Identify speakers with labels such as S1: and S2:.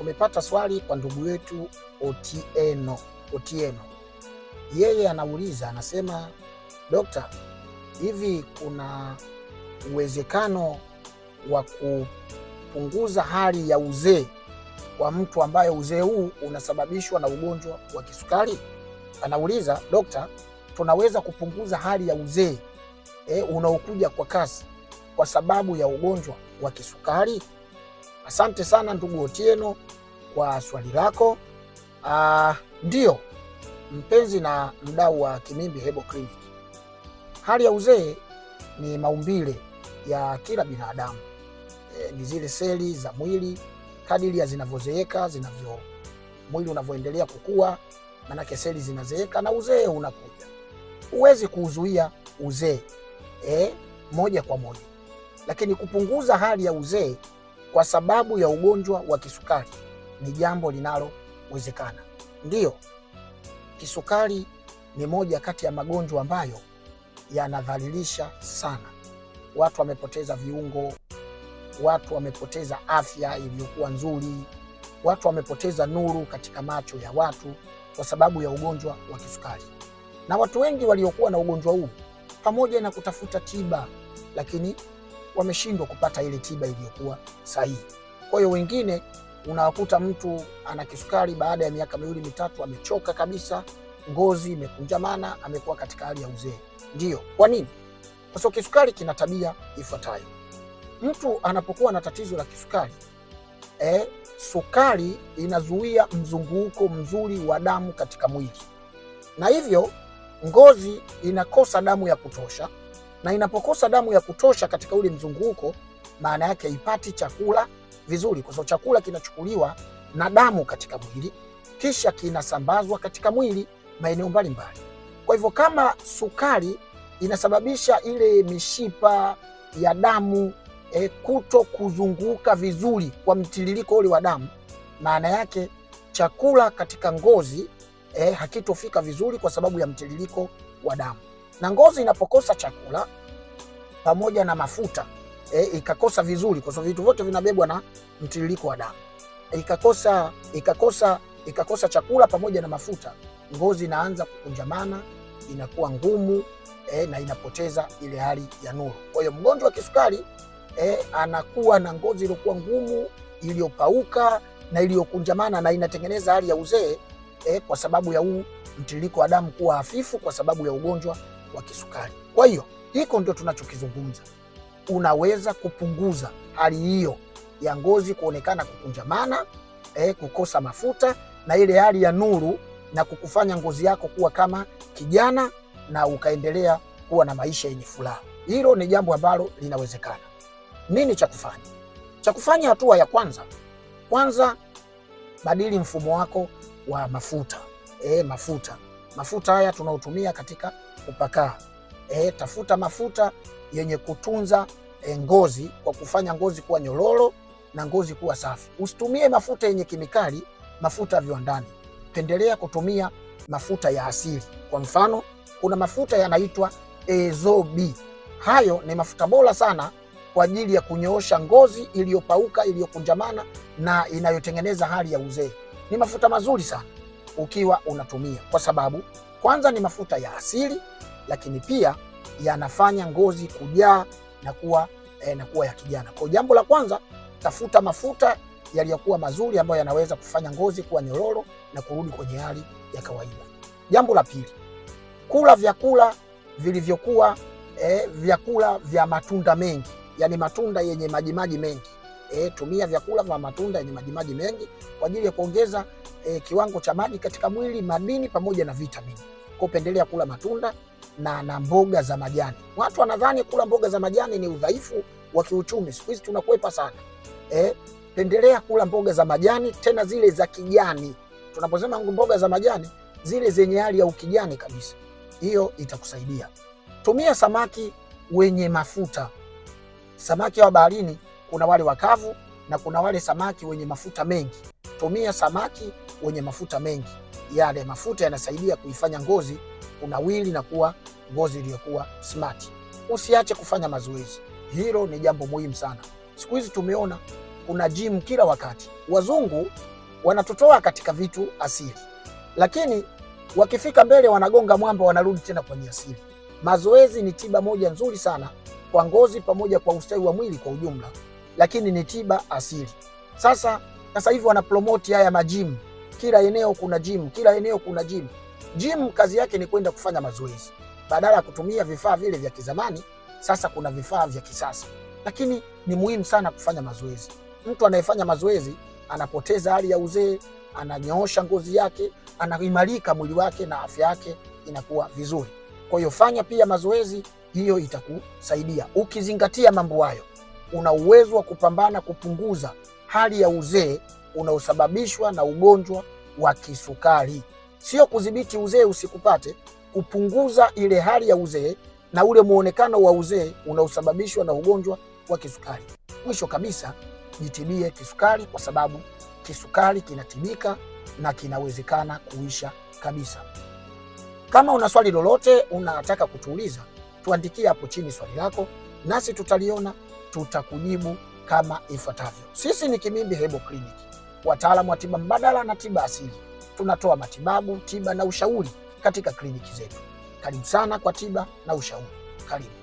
S1: tumepata swali kwa ndugu yetu Otieno. Otieno yeye anauliza anasema, dokta, hivi kuna uwezekano wa kupunguza hali ya uzee kwa mtu ambaye uzee huu unasababishwa na ugonjwa wa kisukari? Anauliza, dokta, tunaweza kupunguza hali ya uzee eh, unaokuja kwa kasi kwa sababu ya ugonjwa wa kisukari? Asante sana ndugu Otieno kwa swali lako. Uh, ndio mpenzi na mdau wa Kimimbi Herbal Clinic, hali ya uzee ni maumbile ya kila binadamu. E, ni zile seli za mwili kadiri ya zinavyozeeka zinavyo mwili unavyoendelea kukua, manake seli zinazeeka na uzee unakuja. Huwezi kuuzuia uzee e, moja kwa moja, lakini kupunguza hali ya uzee kwa sababu ya ugonjwa wa kisukari ni jambo linalowezekana. Ndiyo, kisukari ni moja kati ya magonjwa ambayo yanadhalilisha sana watu. Wamepoteza viungo, watu wamepoteza afya iliyokuwa nzuri, watu wamepoteza nuru katika macho ya watu kwa sababu ya ugonjwa wa kisukari. Na watu wengi waliokuwa na ugonjwa huu, pamoja na kutafuta tiba, lakini wameshindwa kupata ile tiba iliyokuwa sahihi. Kwa hiyo wengine unawakuta mtu ana kisukari, baada ya miaka miwili mitatu amechoka kabisa, ngozi imekunjamana, amekuwa katika hali ya uzee. Ndiyo, kwa nini? Kwa sababu kisukari kina tabia ifuatayo. Mtu anapokuwa na tatizo la kisukari eh, sukari inazuia mzunguko mzuri wa damu katika mwili, na hivyo ngozi inakosa damu ya kutosha, na inapokosa damu ya kutosha katika ule mzunguko, maana yake haipati chakula vizuri, kwa sababu chakula kinachukuliwa na damu katika mwili, kisha kinasambazwa katika mwili maeneo mbalimbali. Kwa hivyo kama sukari inasababisha ile mishipa ya damu e, eh, kuto kuzunguka vizuri kwa mtiririko ule wa damu, maana yake chakula katika ngozi e, hakitofika vizuri kwa sababu ya mtiririko wa damu na ngozi inapokosa chakula pamoja na mafuta e, ikakosa vizuri, kwa sababu vitu vyote vinabebwa na mtiririko wa damu e, ikakosa, ikakosa, ikakosa chakula pamoja na mafuta, ngozi inaanza kukunjamana, inakuwa ngumu e, na inapoteza ile hali ya nuru. Kwa hiyo mgonjwa wa kisukari e, anakuwa na ngozi iliyokuwa ngumu, iliyopauka na iliyokunjamana na inatengeneza hali ya uzee e, kwa sababu ya huu mtiririko wa damu kuwa hafifu kwa sababu ya ugonjwa wa kisukari. Kwa hiyo hiko ndio tunachokizungumza, unaweza kupunguza hali hiyo ya ngozi kuonekana kukunjamana, eh, kukosa mafuta na ile hali ya nuru na kukufanya ngozi yako kuwa kama kijana na ukaendelea kuwa na maisha yenye furaha. Hilo ni jambo ambalo linawezekana. Nini cha kufanya? Cha kufanya, hatua ya kwanza, kwanza badili mfumo wako wa mafuta, eh, mafuta Mafuta haya tunaotumia katika kupakaa e, tafuta mafuta yenye kutunza e, ngozi kwa kufanya ngozi kuwa nyororo na ngozi kuwa safi. Usitumie mafuta yenye kemikali, mafuta ya viwandani. Pendelea kutumia mafuta ya asili. Kwa mfano, kuna mafuta yanaitwa Ezobi. Hayo ni mafuta bora sana kwa ajili ya kunyoosha ngozi iliyopauka, iliyokunjamana na inayotengeneza hali ya uzee. Ni mafuta mazuri sana ukiwa unatumia, kwa sababu kwanza ni mafuta ya asili, lakini pia yanafanya ngozi kujaa na kuwa eh, na kuwa ya kijana. Kwa jambo la kwanza, tafuta mafuta yaliyokuwa mazuri ambayo yanaweza kufanya ngozi kuwa nyororo na kurudi kwenye hali ya kawaida. Jambo la pili, kula vyakula vilivyokuwa eh, vyakula vya matunda mengi, yani matunda yenye majimaji mengi E, tumia vyakula vya matunda yenye majimaji mengi kwa ajili ya kuongeza e, kiwango cha maji katika mwili, madini pamoja na vitamini. Kwa upendelea kula matunda na, na mboga za majani. Watu wanadhani kula mboga za majani ni udhaifu wa kiuchumi, siku hizi tunakwepa sana e, pendelea kula mboga za majani, tena zile za kijani. Tunaposema mboga za majani, zile zenye hali ya ukijani kabisa, hiyo itakusaidia. Tumia samaki wenye mafuta, samaki wa baharini kuna wale wakavu na kuna wale samaki wenye mafuta mengi. Tumia samaki wenye mafuta mengi, yale mafuta yanasaidia kuifanya ngozi kunawili na kuwa ngozi iliyokuwa smart. Usiache kufanya mazoezi, hilo ni jambo muhimu sana. Siku hizi tumeona kuna gym kila wakati, wazungu wanatutoa katika vitu asili, lakini wakifika mbele wanagonga mwamba, wanarudi tena kwenye asili. Mazoezi ni tiba moja nzuri sana kwa ngozi pamoja kwa ustawi wa mwili kwa ujumla lakini ni tiba asili. Sasa sasa hivi wanapromoti haya majimu, kila eneo kuna jim kila eneo kuna jimu. Jimu kazi yake ni kwenda kufanya mazoezi, badala ya kutumia vifaa vile vya kizamani. Sasa kuna vifaa vya kisasa, lakini ni muhimu sana kufanya mazoezi. Mtu anayefanya mazoezi anapoteza hali ya uzee, ananyoosha ngozi yake, anaimarika mwili wake na afya yake inakuwa vizuri. Kwa hiyo fanya pia mazoezi, hiyo itakusaidia ukizingatia mambo hayo una uwezo wa kupambana kupunguza hali ya uzee unaosababishwa na ugonjwa wa kisukari. Sio kudhibiti uzee usikupate, kupunguza ile hali ya uzee na ule muonekano wa uzee unaosababishwa na ugonjwa wa kisukari. Mwisho kabisa, jitibie kisukari, kwa sababu kisukari kinatibika na kinawezekana kuisha kabisa. Kama una swali lolote unataka kutuuliza, tuandikie hapo chini swali lako, nasi tutaliona tutakujibu kama ifuatavyo. Sisi ni Kimimbi Herbal Clinic, wataalamu wa tiba mbadala na tiba asili. Tunatoa matibabu, tiba na ushauri katika kliniki zetu. Karibu sana kwa tiba na ushauri. Karibu.